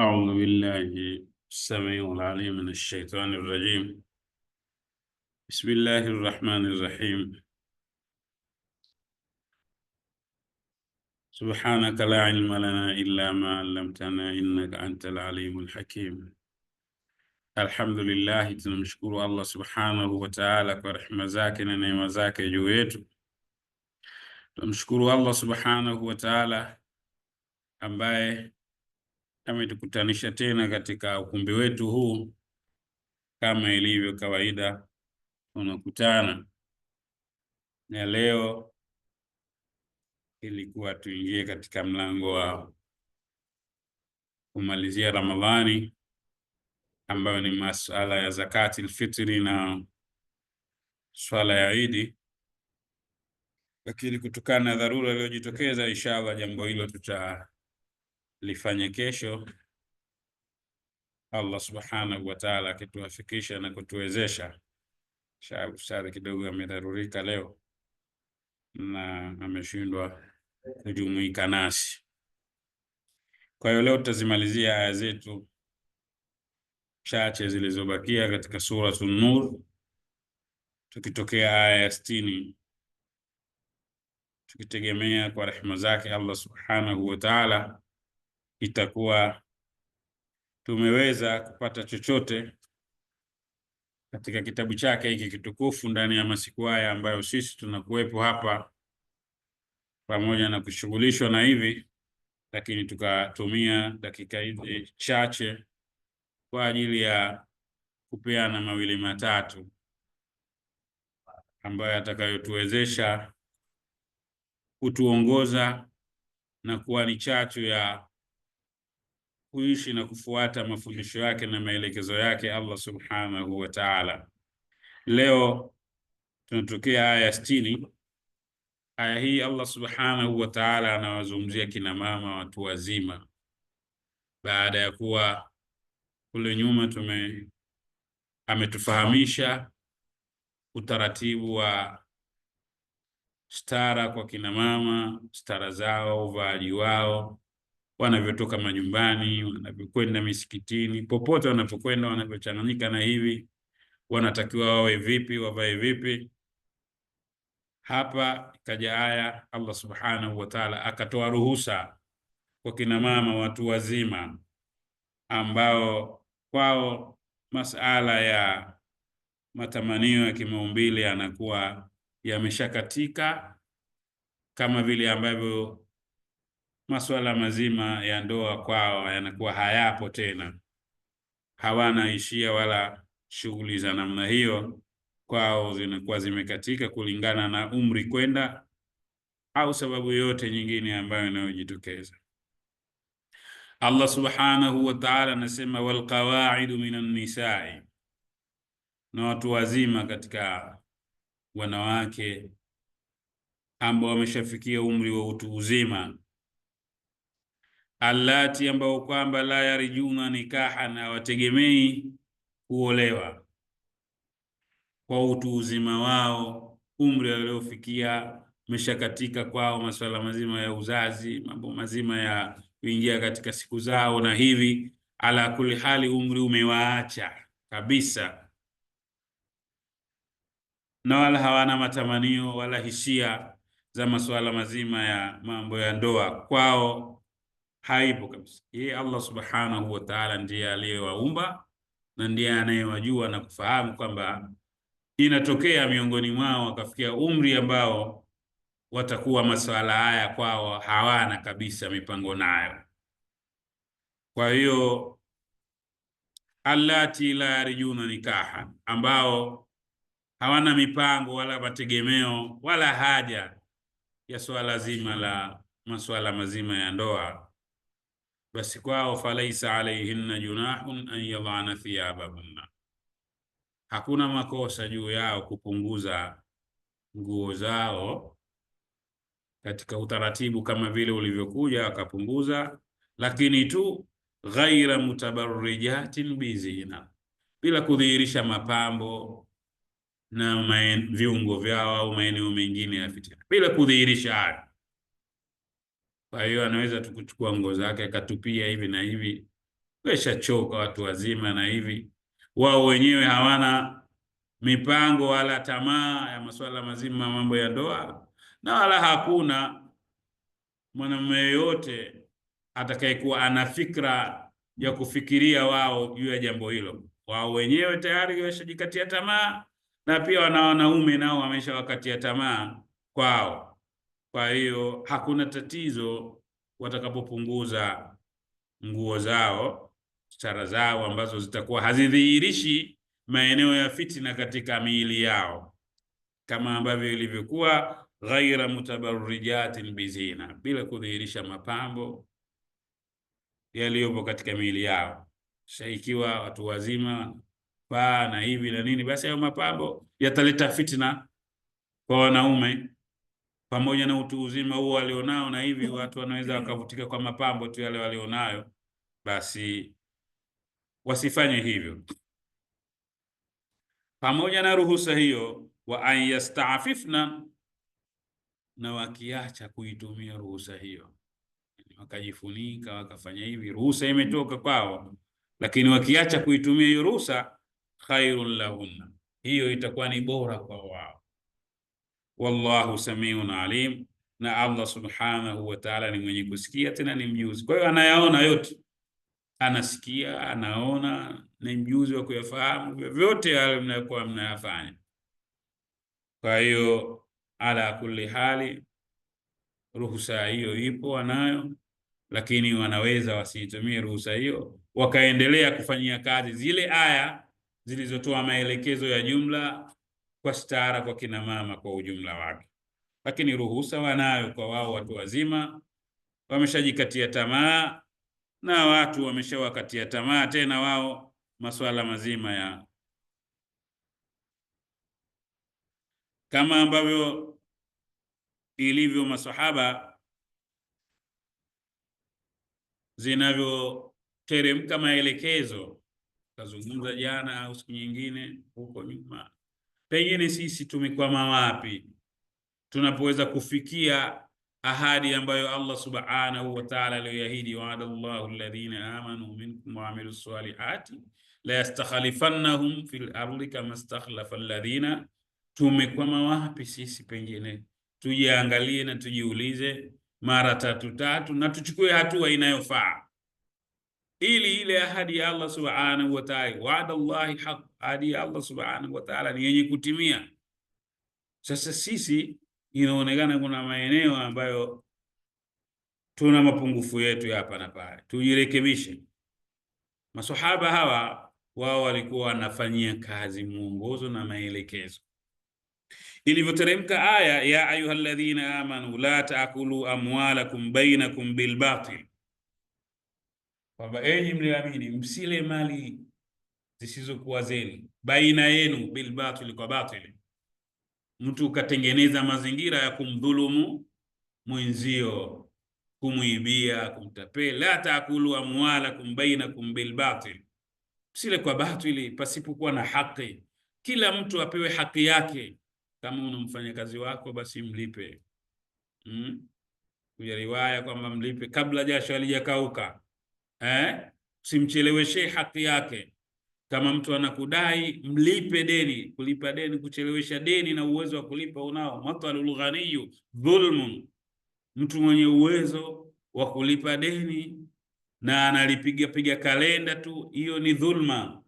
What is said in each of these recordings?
أعوذ بالله السميع العليم من الشيطان الرجيم بسم الله الرحمن الرحيم سبحانك لا علم لنا إلا ما علمتنا إنك أنت العليم الحكيم الحمد لله tunamshukuru الله سبحانه وتعالى ورحمة kwa rehema zake جويت neema الله سبحانه وتعالى أمباي ametukutanisha tena katika ukumbi wetu huu. Kama ilivyo kawaida, tunakutana na leo ilikuwa tuingie katika mlango wa kumalizia Ramadhani, ambayo ni masuala ya zakati alfitri na swala ya Idi, lakini kutokana na dharura iliyojitokeza, inshallah jambo hilo tuta lifanye kesho, Allah subhanahu wa ta'ala akituafikisha na kutuwezesha. Ustadhi kidogo amedharurika leo na ameshindwa kujumuika nasi. Kwa hiyo leo tutazimalizia aya zetu chache zilizobakia katika Suratu Nur, tukitokea aya ya sitini, tukitegemea kwa rehema zake Allah subhanahu wa ta'ala itakuwa tumeweza kupata chochote katika kitabu chake hiki kitukufu ndani ya masiku haya ambayo sisi tunakuwepo hapa pamoja na kushughulishwa na hivi, lakini tukatumia dakika hizi chache kwa ajili ya kupeana mawili matatu ambayo atakayotuwezesha kutuongoza na kuwa ni chachu ya kuishi na kufuata mafundisho yake na maelekezo yake Allah subhanahu wa ta'ala. Leo tunatokea aya sitini. Aya hii Allah subhanahu wa ta'ala anawazungumzia kina mama watu wazima, baada ya kuwa kule nyuma tume ametufahamisha utaratibu wa stara kwa kina mama, stara zao, uvaaji wao wanavyotoka majumbani, wanavyokwenda misikitini, popote wanavyokwenda, wanavyochanganyika na hivi, wanatakiwa wawe vipi, wavae vipi. Hapa ikaja aya, Allah subhanahu wa ta'ala akatoa ruhusa kwa kina mama watu wazima ambao kwao masala ya matamanio ya kimaumbile yanakuwa yameshakatika kama vile ambavyo masuala mazima ya ndoa kwao yanakuwa hayapo tena, hawana ishia wala shughuli za namna hiyo kwao zinakuwa zimekatika kulingana na umri kwenda au sababu yote nyingine ambayo inayojitokeza. Allah subhanahu wa ta'ala anasema walqawaidu minan nisai, na watu wazima katika wanawake ambao wameshafikia umri wa utu uzima allati, ambao kwamba la yarjuna nikaha, na wategemei kuolewa kwa utu uzima wao, umri waliofikia meshakatika kwao masuala mazima ya uzazi, mambo mazima ya kuingia katika siku zao na hivi. Ala kuli hali, umri umewaacha kabisa, na wala hawana matamanio wala hisia za masuala mazima ya mambo ya ndoa kwao haipo kabisa. Yeye Allah subhanahu wa ta'ala ndiye aliyewaumba na ndiye anayewajua na kufahamu kwamba inatokea miongoni mwao wakafikia umri ambao watakuwa masuala haya kwao hawana kabisa mipango nayo. Kwa hiyo allati la yarjuna nikaha, ambao hawana mipango wala mategemeo wala haja ya swala zima la masuala mazima ya ndoa basi kwao, falaisa alaihinna junahun an yadhana thiyabahunna, hakuna makosa juu yao kupunguza nguo zao katika utaratibu kama vile ulivyokuja wakapunguza, lakini tu ghaira mutabarrijatin bizina, bila kudhihirisha mapambo na maen, viungo vyao au maeneo mengine ya fitina, bila kudhihirisha hayo kwa hiyo anaweza tu kuchukua nguo zake akatupia hivi na hivi, weshachoka watu wazima na hivi. Wao wenyewe hawana mipango wala tamaa ya masuala mazima mambo ya ndoa, na wala hakuna mwanamume yoyote atakayekuwa ana fikra ya kufikiria wao juu ya jambo hilo. Wao wenyewe tayari wameshajikatia tamaa, na pia wana wanaume nao wameshawakatia tamaa kwao. Kwa hiyo hakuna tatizo watakapopunguza nguo zao, stara zao ambazo zitakuwa hazidhihirishi maeneo ya fitina katika miili yao, kama ambavyo ilivyokuwa ghaira mutabarrijatin bizina, bila kudhihirisha mapambo yaliyopo katika miili yao. Sasa ikiwa watu wazima paa na hivi na nini, basi hayo mapambo yataleta fitina kwa wanaume pamoja na utu uzima huo walionao, na hivi mm-hmm. watu wanaweza mm-hmm. wakavutika kwa mapambo tu yale walionayo, basi wasifanye hivyo. Pamoja na ruhusa hiyo, wa an yastaafifna, na wakiacha kuitumia ruhusa hiyo, wakajifunika wakafanya hivi, ruhusa imetoka kwao, lakini wakiacha kuitumia hiyo ruhusa, khairun lahunna, hiyo itakuwa ni bora kwa wao wallahu samiun alim, na Allah subhanahu wa ta'ala ni mwenye kusikia tena ni mjuzi. Kwa hiyo anayaona yote, anasikia, anaona, ni mjuzi wa kuyafahamu vyote yale mnayokuwa mnayafanya. Kwa hiyo ala kulli hali, ruhusa hiyo ipo, wanayo lakini wanaweza wasiitumie ruhusa hiyo, wakaendelea kufanyia kazi zile aya zilizotoa maelekezo ya jumla kwa stara kwa kina mama kwa ujumla wake, lakini ruhusa wanayo kwa wao watu wazima wameshajikatia tamaa na watu wameshawakatia tamaa tena wao masuala mazima ya kama ambavyo ilivyo masahaba zinavyoteremka maelekezo, kazungumza jana au siku nyingine huko nyuma pengine sisi tumekwama wapi tunapoweza kufikia ahadi ambayo Allah subhanahu wa ta'ala aliyoahidi, waada llahu alladhina amanu minkum wa amilu salihati la yastakhlifannahum fil ardi kama stakhlafa alladhina. Tumekwama wapi sisi? Pengine tujiangalie na tujiulize mara tatu tatu, na tuchukue hatua inayofaa ili ile ahadi ya Allah subhanahu wa ta'ala, waada llahi haq, ahadi ya Allah subhanahu wa ta'ala ni yenye kutimia. Sasa sisi inaonekana kuna maeneo ambayo tuna mapungufu yetu hapa na pale, tujirekebishe. Masahaba hawa wao walikuwa wanafanyia kazi mwongozo na maelekezo. Ilivyoteremka aya ya ayuha alladhina amanu la taakulu amwalakum bainakum bilbatil kwamba enyi mliamini msile mali zisizokuwa zenu baina yenu batil kwa batil, mtu ukatengeneza mazingira ya kumdhulumu mwenzio, kumwibia, kumtapeli. La taakulu amwalakum bainakum batil, msile kwa batili pasipokuwa na haki. Kila mtu apewe haki yake. Kama una mfanyakazi wako basi mlipe, hmm? riwaya kwamba mlipe kabla jasho halijakauka eh? simcheleweshe haki yake. Kama mtu anakudai mlipe deni. Kulipa deni, kuchelewesha deni na uwezo wa kulipa unao. matalul ghaniyu dhulmun, mtu mwenye uwezo wa kulipa deni na analipiga piga kalenda tu, hiyo ni dhulma.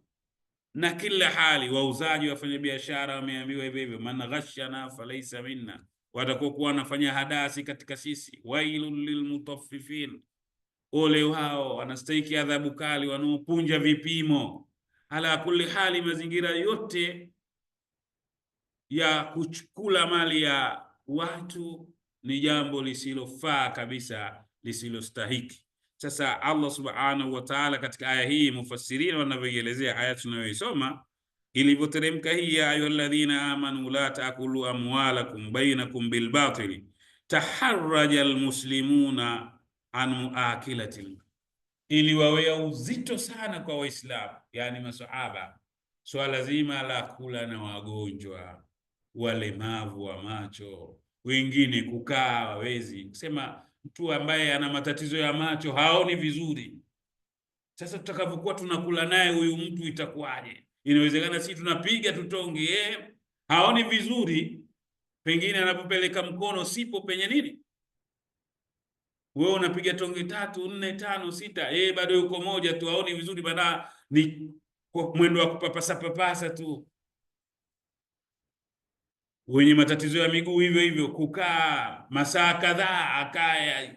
Na kila hali wauzaji, wafanyabiashara wameambiwa hivyo hivyo, man ghashana falaisa minna, watakuwa kuwa wanafanya hadasi katika sisi. wailul lilmutaffifin Ole hao wanastahiki adhabu kali, wanaopunja vipimo. Ala kulli hali, mazingira yote ya kuchukula mali ya watu ni jambo lisilofaa kabisa, lisilostahiki. Sasa Allah subhanahu wa ta'ala, katika aya hii mufassirina wanavyoielezea aya tunayoisoma ilivyoteremka hii, ya alladhina amanu la taakulu amwalakum bainakum bilbatili taharraja almuslimuna an muakilatil, iliwawea uzito sana kwa Waislamu, yani masahaba, swala zima la kula na wagonjwa, walemavu wa macho, wengine kukaa wawezi kusema, mtu ambaye ana matatizo ya macho haoni vizuri. Sasa tutakavyokuwa tunakula naye huyu mtu itakuwaje? Inawezekana sisi tunapiga tutonge, eh? haoni vizuri, pengine anapopeleka mkono sipo penye nini wewe unapiga tonge tatu nne tano sita, yeye eh, bado yuko moja tu, aoni vizuri bana, ni mwendo wa kupapasa papasa tu. Wenye matatizo ya miguu hivyo hivyo, kukaa masaa kadhaa akaya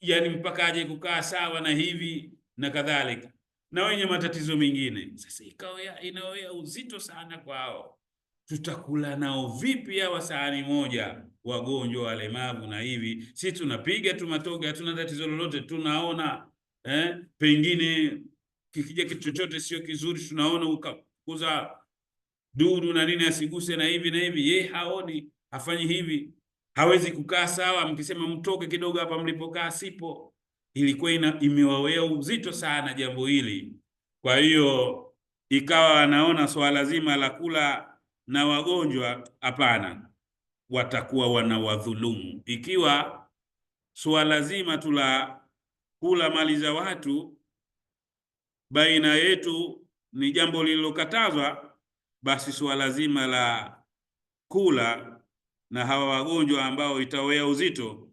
yani mpaka aje kukaa sawa na hivi na kadhalika, na wenye matatizo mengine. Sasa ikawa inawea uzito sana kwao tutakula nao vipi hawa sahani moja, wagonjwa, walemavu na hivi? Si tunapiga tu matoga, hatuna tatizo lolote, tunaona eh, pengine kikija kitu chochote sio kizuri, tunaona ukakuza dudu na nini, asiguse na hivi na hivi, ye haoni, hafanyi hivi, hawezi kukaa sawa. Mkisema mtoke kidogo hapa mlipokaa, sipo. Ilikuwa ina imewawea uzito sana jambo hili, kwa hiyo ikawa anaona swala zima la kula na wagonjwa hapana, watakuwa wanawadhulumu. Ikiwa suala zima tula kula mali za watu baina yetu ni jambo lililokatazwa, basi suala zima la kula na hawa wagonjwa ambao itawea uzito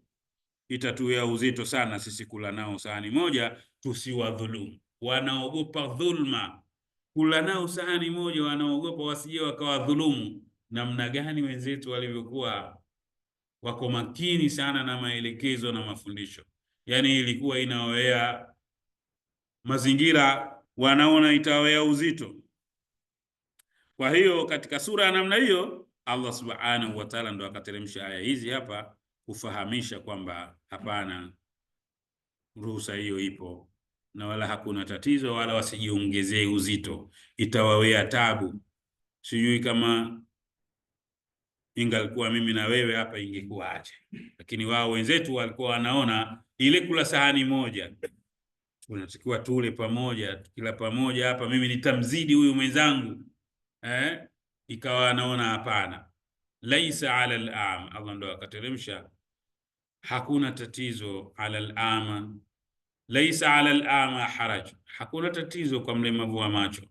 itatuwea uzito sana sisi kula nao sahani moja, tusiwadhulumu. Wanaogopa dhulma kula nao sahani moja, wanaogopa wasije wakawadhulumu. Namna gani wenzetu walivyokuwa wako makini sana na maelekezo na mafundisho, yaani ilikuwa inawawea mazingira, wanaona itawawea uzito. Kwa hiyo katika sura ya namna hiyo Allah subhanahu wa ta'ala ndo akateremsha aya hizi hapa kufahamisha kwamba hapana, ruhusa hiyo ipo na wala hakuna tatizo, wala wasijiongezee uzito, itawawea tabu. Sijui kama ingalikuwa mimi na wewe hapa ingekuwaje, lakini wao wenzetu walikuwa wanaona ile kula sahani moja tunatakiwa tule pamoja, kila pamoja hapa, mimi nitamzidi huyu mwenzangu eh? Ikawa anaona hapana, laisa ala al-ama. Allah ndo akateremsha, hakuna tatizo ala al-ama laisa ala al-ama haraj, hakuna tatizo kwa mlemavu wa macho,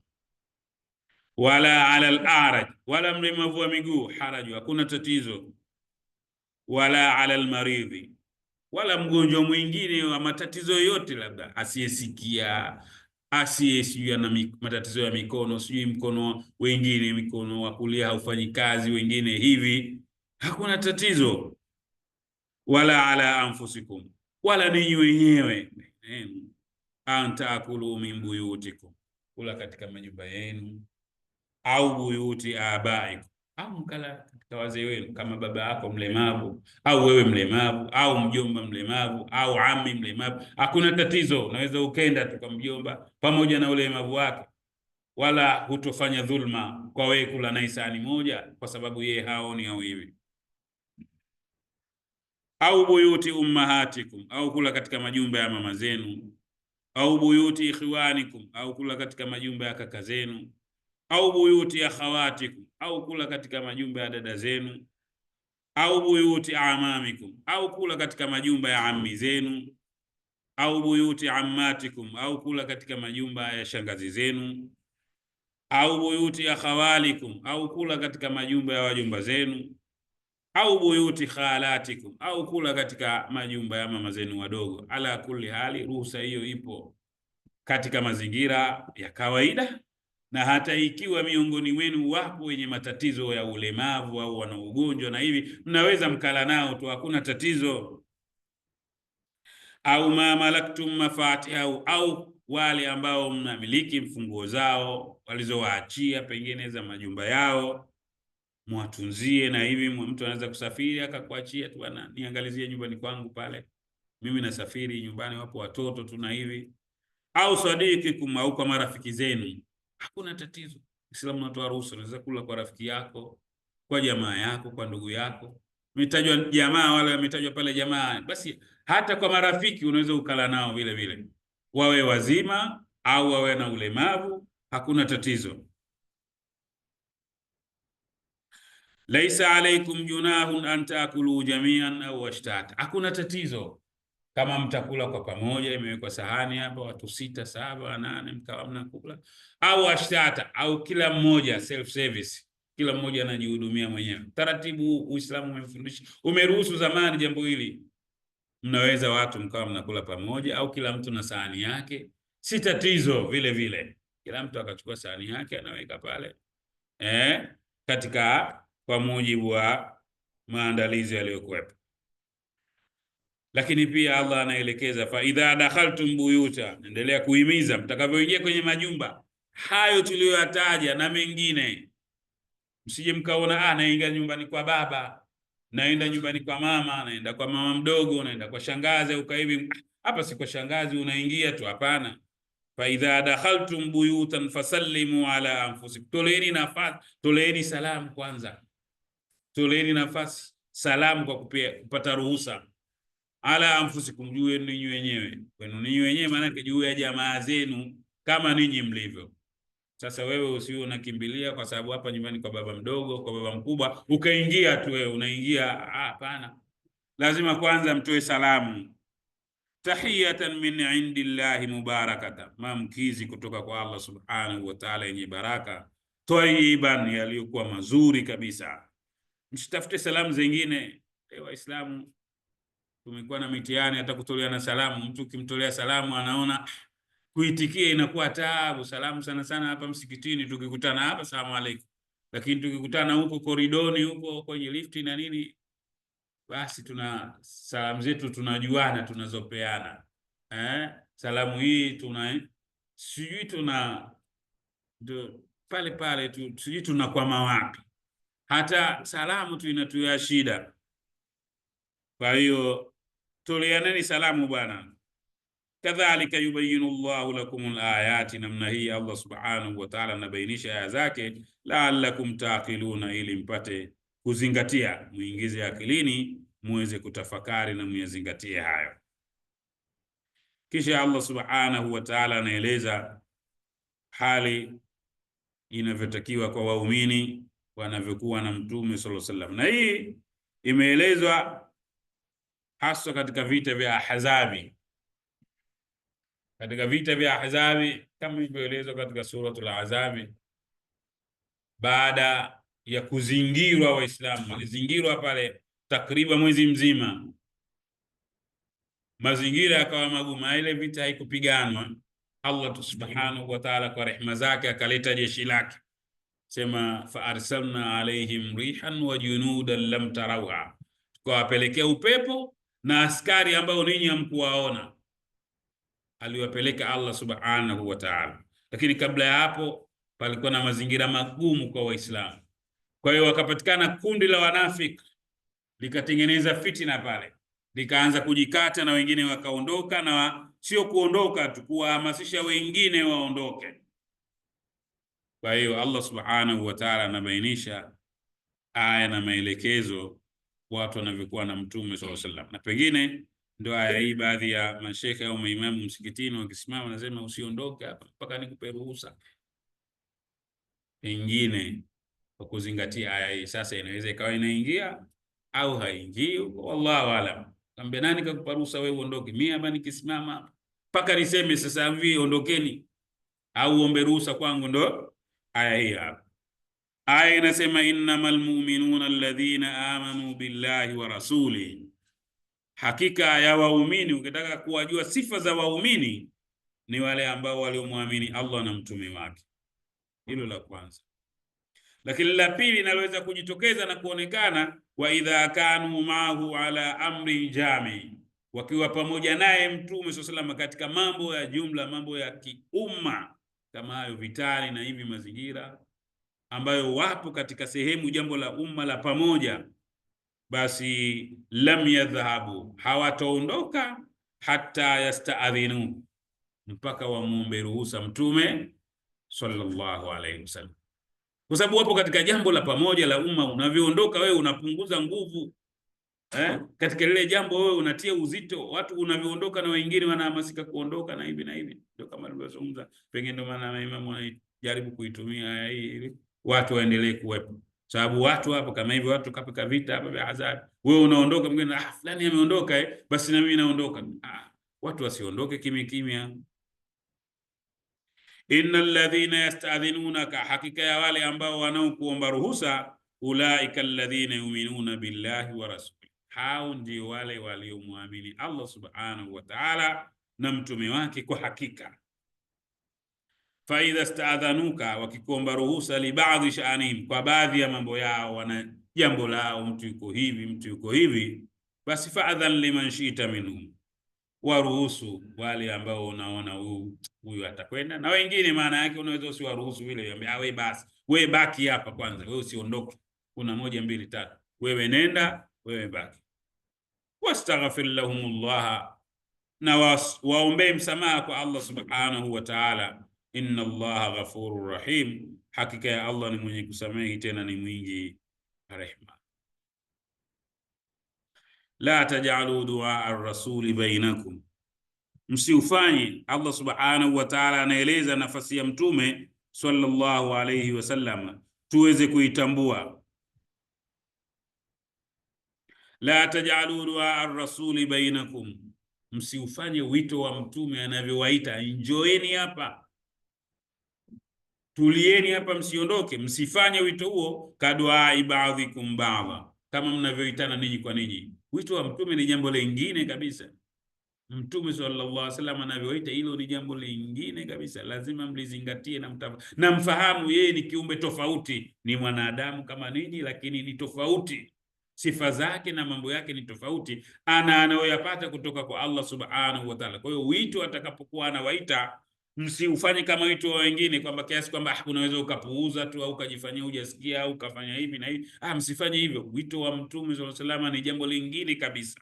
wala ala al-araj, wala mlemavu wa miguu haraj, hakuna tatizo, wala ala al-maridhi, wala mgonjwa mwingine wa matatizo yote, labda asiyesikia asiye sijui ana matatizo ya mikono, sijui mkono wengine, mikono wa kulia haufanyi kazi, wengine hivi, hakuna tatizo. Wala ala anfusikum, wala ninyi wenyewe an taakulu min buyutikum, kula katika majumba yenu, au buyuti abaiku au mkala katika wazee wenu. Kama baba yako mlemavu au wewe mlemavu au mjomba mlemavu au ami mlemavu, hakuna tatizo, unaweza ukenda tu kwa mjomba pamoja na ulemavu wake, wala hutofanya dhulma kwa wewe kula na sahani moja, kwa sababu yeye haoni au hivi au buyuti ummahatikum, au kula katika majumba ya mama zenu, au buyuti ikhwanikum, au kula katika majumba ya kaka zenu, au buyuti akhawatikum, au kula katika majumba ya dada zenu, au buyuti amamikum, au kula katika majumba ya ammi zenu, au buyuti ammatikum, au kula katika majumba ya shangazi zenu, au buyuti akhawalikum, au kula katika majumba ya wajumba zenu au buyuti khalatikum, au kula katika majumba ya mama zenu wadogo. Ala kulli hali, ruhusa hiyo ipo katika mazingira ya kawaida, na hata ikiwa miongoni wenu wapo wenye matatizo ya ulemavu au wana ugonjwa na hivi, mnaweza mkala nao tu, hakuna tatizo. Au ma malaktum mafatihahu, au wale ambao mnamiliki mfunguo zao walizowaachia pengine za majumba yao mwatunzie. Na hivi mtu anaweza kusafiri akakuachia tu, bwana, niangalizie nyumbani kwangu pale, mimi nasafiri, nyumbani wapo watoto tu na hivi au sadiki au kwa marafiki zenu, hakuna tatizo. Islamu unatoa ruhusa, unaweza kula kwa rafiki yako, kwa jamaa yako, kwa ndugu yako. Mitajwa jamaa wale wametajwa pale, jamaa basi, hata kwa marafiki unaweza ukala nao vile vile, wawe wazima au wawe na ulemavu, hakuna tatizo. laisa alaikum junahun an taakulu jamian au ashtata, hakuna tatizo kama mtakula kwa pamoja, imewekwa sahani hapa, watu sita, saba, nane, mkawa mnakula au ashtata, au kila mmoja self service, kila mmoja anajihudumia mwenyewe. Taratibu Uislamu umefundisha umeruhusu zamani jambo hili, mnaweza watu mkawa mnakula pamoja, au kila mtu na sahani yake, si tatizo vile vile, kila mtu akachukua sahani yake anaweka pale eh, katika kwa mujibu wa maandalizi yaliyokuwepo. Lakini pia Allah anaelekeza fa idha dakhaltum buyuta, endelea kuhimiza mtakavyoingia kwenye majumba hayo tuliyoyataja na mengine, msije mkaona ah, naingia nyumbani kwa baba, naenda nyumbani kwa mama, naenda kwa mama mdogo, naenda kwa shangazi au kaivi Hapa si kwa shangazi, unaingia tu, hapana. Fa idha dakhaltum buyutan fasallimu ala anfusikum, toleeni nafasi, toleeni salamu kwanza toleni nafasi salamu kwa kupia, kupata ruhusa ala anfusikum, juu ninyi wenyewe kwenu ninyi wenyewe, maanake juu ya jamaa zenu kama ninyi mlivyo. Sasa wewe usiwe unakimbilia kwa sababu hapa nyumbani kwa baba mdogo, kwa baba mkubwa, ukaingia tu wewe unaingia. Ah, hapana, lazima kwanza mtoe salamu tahiyatan min indillahi mubarakatan, mamkizi kutoka kwa Allah subhanahu wa ta'ala, yenye baraka, tayyiban, yaliyokuwa mazuri kabisa msitafute salamu zingine. E, Waislamu tumekuwa na mitihani hata kutoleana salamu. Mtu ukimtolea salamu anaona kuitikia inakuwa taabu. Salamu sana sana hapa msikitini tukikutana hapa salamu alaykum, lakini tukikutana huko koridoni huko kwenye lifti na nini, basi tuna salamu zetu tunajuana tunazopeana eh? Salamu hii tuna sijui tuna pale pale tu sijui tunakwama wapi hata salamu tu inatuya shida. Kwa hiyo tulianeni salamu bwana. Kadhalika yubayinu llahu lakum alayati, namna hii Allah subhanahu wa ta'ala anabainisha aya zake, laallakum taqiluna, ili mpate kuzingatia, muingize akilini, muweze kutafakari na muyazingatie hayo. Kisha Allah subhanahu wa ta'ala anaeleza hali inavyotakiwa kwa waumini wanavyokuwa na Mtume sallallahu alaihi wasallam, na hii imeelezwa haswa katika vita vya Ahzabi, katika vita vya Ahzabi kama ilivyoelezwa katika suratul Ahzabi, baada ya kuzingirwa Waislamu walizingirwa pale takriban mwezi mzima, mazingira yakawa magumu. Ile vita haikupiganwa, Allah subhanahu wa ta'ala kwa rehema zake akaleta jeshi lake sema fa arsalna alaihim rihan wa junudan lam tarawha, tukawapelekea upepo na askari ambao ninyi hamkuwaona. Aliwapeleka Allah subhanahu wa ta'ala, lakini kabla ya hapo palikuwa na mazingira magumu kwa Waislamu. Kwa hiyo wakapatikana kundi la wanafik likatengeneza fitina pale, likaanza kujikata na wengine wakaondoka, na sio kuondoka tu, kuwahamasisha wengine waondoke kwa hiyo Allah subhanahu wa taala anabainisha aya na maelekezo watu wanavyokuwa na mtume sallallahu alaihi wasallam, na pengine ndio aya hii, baadhi ya mashekhe au maimamu msikitini wakisimama wanasema usiondoke hapa mpaka nikupe ruhusa, pengine kwa kuzingatia aya hii. Sasa inaweza ikawa inaingia au haingii, wallahu alam. Kambe nani kakupa ruhusa wewe uondoke? Mimi hapa nikisimama mpaka niseme sasa hivi ondokeni, au uombe ruhusa kwangu ndio aya hii hapa. Aya inasema innamal mu'minuna alladhina amanu billahi wa rasuli, hakika ya waumini. Ukitaka kuwajua sifa za waumini ni wale ambao waliomwamini Allah na mtume wake. Hilo la kwanza, lakini la pili naloweza kujitokeza na kuonekana, wa idha kanu maahu ala amri jami, wakiwa pamoja naye mtume sallallahu alaihi wasallam katika mambo ya jumla, mambo ya kiumma kama hayo vitali na hivi mazingira ambayo wapo katika sehemu jambo la umma la pamoja, basi lam yadhhabu, hawataondoka hata yastaadhinu, mpaka wamwombe ruhusa Mtume sallallahu alaihi wasallam, kwa sababu wapo katika jambo la pamoja la umma. Unavyoondoka wewe unapunguza nguvu eh, katika lile jambo wewe unatia uzito, watu unavyoondoka na wengine wanahamasika kuondoka na hivi na hivi. Ndio kama nilivyozungumza, pengine ndio maana maimamu wanajaribu kuitumia hii ili watu waendelee kuwepo, sababu watu hapo kama hivi, watu kapika vita hapa vya adhabu, wewe unaondoka, mwingine ah, fulani ameondoka eh, basi na mimi naondoka. Ah, watu wasiondoke kimya kimya. Innal ladhina yasta'dhinunaka, hakika ya wale ambao wanaokuomba ruhusa, ulaika alladhina yu'minuna billahi wa rasul, hao ndio wale waliomwamini Allah subhanahu wa ta'ala na mtume wake kwa hakika. fa idha staadhanuka, wakikuomba ruhusa, libadhi shaanihim, kwa baadhi ya mambo yao, wana jambo lao, mtu yuko hivi, mtu yuko hivi, basi faadhan liman shita minhum, waruhusu wale ambao unaona huyu huyu atakwenda na wengine. Maana yake unaweza usiwaruhusu vile, ambia ah, wewe, basi wewe baki hapa kwanza, wewe usiondoke, kuna moja mbili tatu, wewe nenda, wewe baki wastaghfir lahumullah, na waombee msamaha kwa Allah subhanahu wa ta'ala. Inna llaha ghafurur rahim, hakika ya Allah ni mwenye kusamehe tena ni mwingi rehma. La tajalu dua ar-rasuli bainakum, msiufanye. Allah subhanahu wa ta'ala anaeleza nafasi ya mtume sallallahu alayhi wasallam tuweze kuitambua la tajalu dua ar-rasuli bainakum, msiufanye wito wa mtume anavyowaita, njoeni hapa, tulieni hapa, msiondoke, msifanye wito huo kaduai baadhikum baadha, kama mnavyoitana ninyi kwa ninyi. Wito wa mtume ni jambo lingine kabisa. Mtume sallallahu alaihi wasallam anavyoita, hilo ni jambo lingine kabisa, lazima mlizingatie na mtafa, na mfahamu yeye ni kiumbe tofauti, ni mwanadamu kama ninyi, lakini ni tofauti sifa zake na mambo yake ni tofauti ana anayoyapata kutoka kwa Allah subhanahu wa ta'ala. Kwa hiyo wito atakapokuwa anawaita, msiufanye kama wito wa wengine, kwamba kiasi kwamba ah, unaweza ukapuuza tu au ukajifanyia hujasikia au ukafanya hivi na hivi. Ah, msifanye hivyo. Wito wa Mtume sallallahu alaihi wasallam ni jambo lingine kabisa,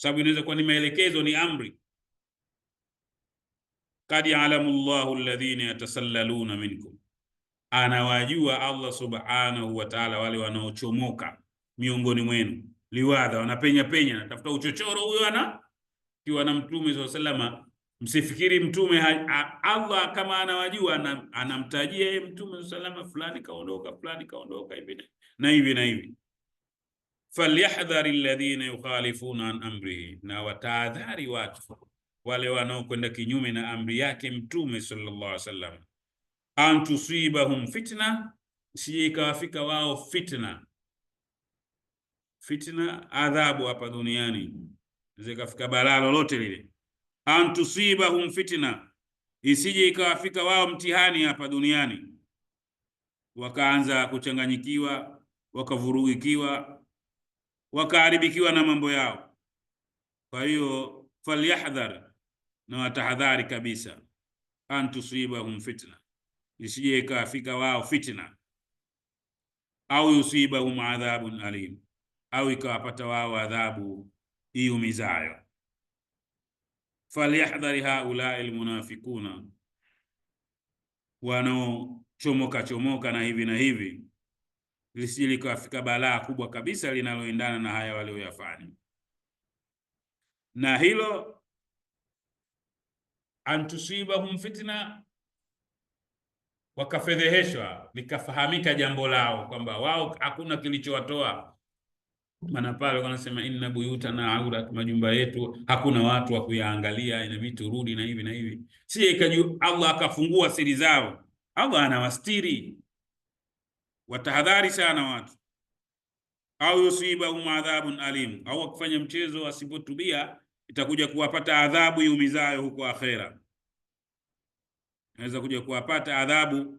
sababu inaweza kuwa ni maelekezo, ni amri Kad yalamu llahu alladhina yatasallaluna minkum, anawajua Allah subhanahu wa ta'ala wale wanaochomoka miongoni mwenu. Liwadha wanapenya penya, natafuta uchochoro huyo ana kiwa na mtume swalla salama. Msifikiri mtume ha, a, Allah kama anawajua anamtajia yeye mtume salama, fulani kaondoka, fulani kaondoka, hivi na hivi na hivi. Falyahdhari alladhina yukhalifuna an amrihi, na wataadhari watu wale wanaokwenda kinyume na amri yake mtume sallallahu alaihi wasallam, antusibahum fitna, sije ikawafika wao fitna fitna, adhabu hapa duniani, zikafika balaa lolote lile. Antusibahum fitna, isije ikawafika wao mtihani hapa duniani, wakaanza kuchanganyikiwa, wakavurugikiwa, wakaharibikiwa na mambo yao. Kwa hiyo falyahdhar, na watahadhari kabisa, antusibahum fitna, isije ikawafika wao fitna, au yusibahum adhabun alim au ikawapata wao adhabu iumizayo. falyahdhari haulai almunafikuna, wanaochomoka chomoka na hivi na hivi, lisije likawafika balaa kubwa kabisa linaloendana na haya walioyafanya. Na hilo antusibahum fitna wakafedheheshwa, likafahamika jambo lao kwamba wao hakuna kilichowatoa maana pale wanasema inna buyutana aurat, majumba yetu hakuna watu wa kuyaangalia, inabidi turudi na hivi na hivi. Si ikaju Allah akafungua siri zao. Allah anawastiri. Watahadhari sana watu au yusibahum adhabun alim, au wakifanya mchezo asipotubia itakuja kuwapata adhabu iumizayo huko akhera, naweza kuja kuwapata adhabu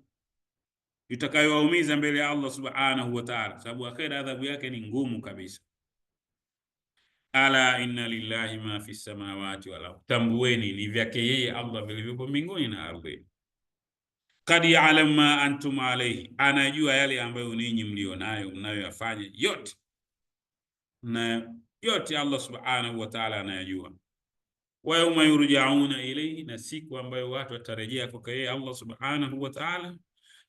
itakayowaumiza mbele ya Allah subhanahu wa ta'ala, sababu akhera adhabu yake ni ngumu kabisa. Ala inna lillahi ma fi samawati wal ardh, tambueni ni vyake yeye Allah vilivyopo mbinguni na ardhini. Qad ya'lamu ma antum alayhi, anajua yale ambayo ninyi nayo mnayoyafanya yote na yote Allah subhanahu wa ta'ala anayajua. Wa yauma yurjauna ilayhi, na siku ambayo watu watarejea kwake yeye Allah subhanahu wa ta'ala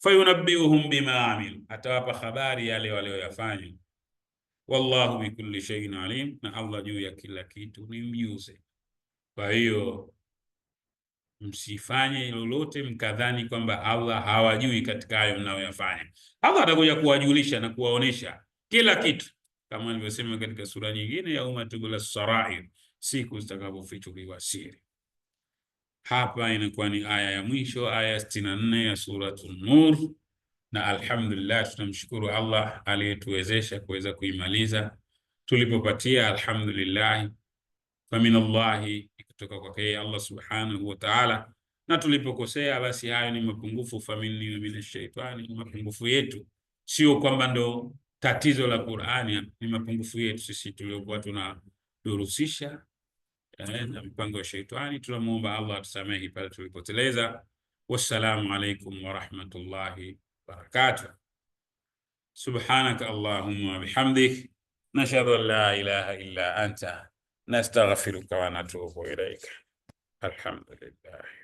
fayunabbiuhum bima amilu, atawapa habari yale walioyafanya. Wallahu bikulli shay'in alim, na Allah juu ya kila kitu ni mjuzi. Kwa hiyo msifanye lolote mkadhani kwamba Allah hawajui katika hayo mnayoyafanya. Allah atakuja kuwajulisha na kuwaonesha kila kitu, kama alivyosema katika sura nyingine, ya tubla sarair, siku zitakapofichuliwa siri. Hapa inakuwa ni aya ya mwisho, aya ya sitini na nne ya Suratul Nur, na alhamdulillah, tunamshukuru Allah aliyetuwezesha kuweza kuimaliza tulipopatia. Alhamdulillah faminallahi, kutoka kwake Allah subhanahu wa ta'ala, na tulipokosea basi hayo ni mapungufu, faminni wa minashaitani, ni mapungufu yetu, sio kwamba ndo tatizo la Qur'ani, ni mapungufu yetu sisi tuliokuwa tunadurusisha na mpango wa sheitani. Tunamwomba Allah atusamehe pale tulipoteleza. Wassalamu alaikum warahmatullahi wabarakatuh. Subhanaka allahumma wabihamdik nashhadu an la ilaha illa anta nastaghfiruka wa natubu ilaika. Alhamdulillah.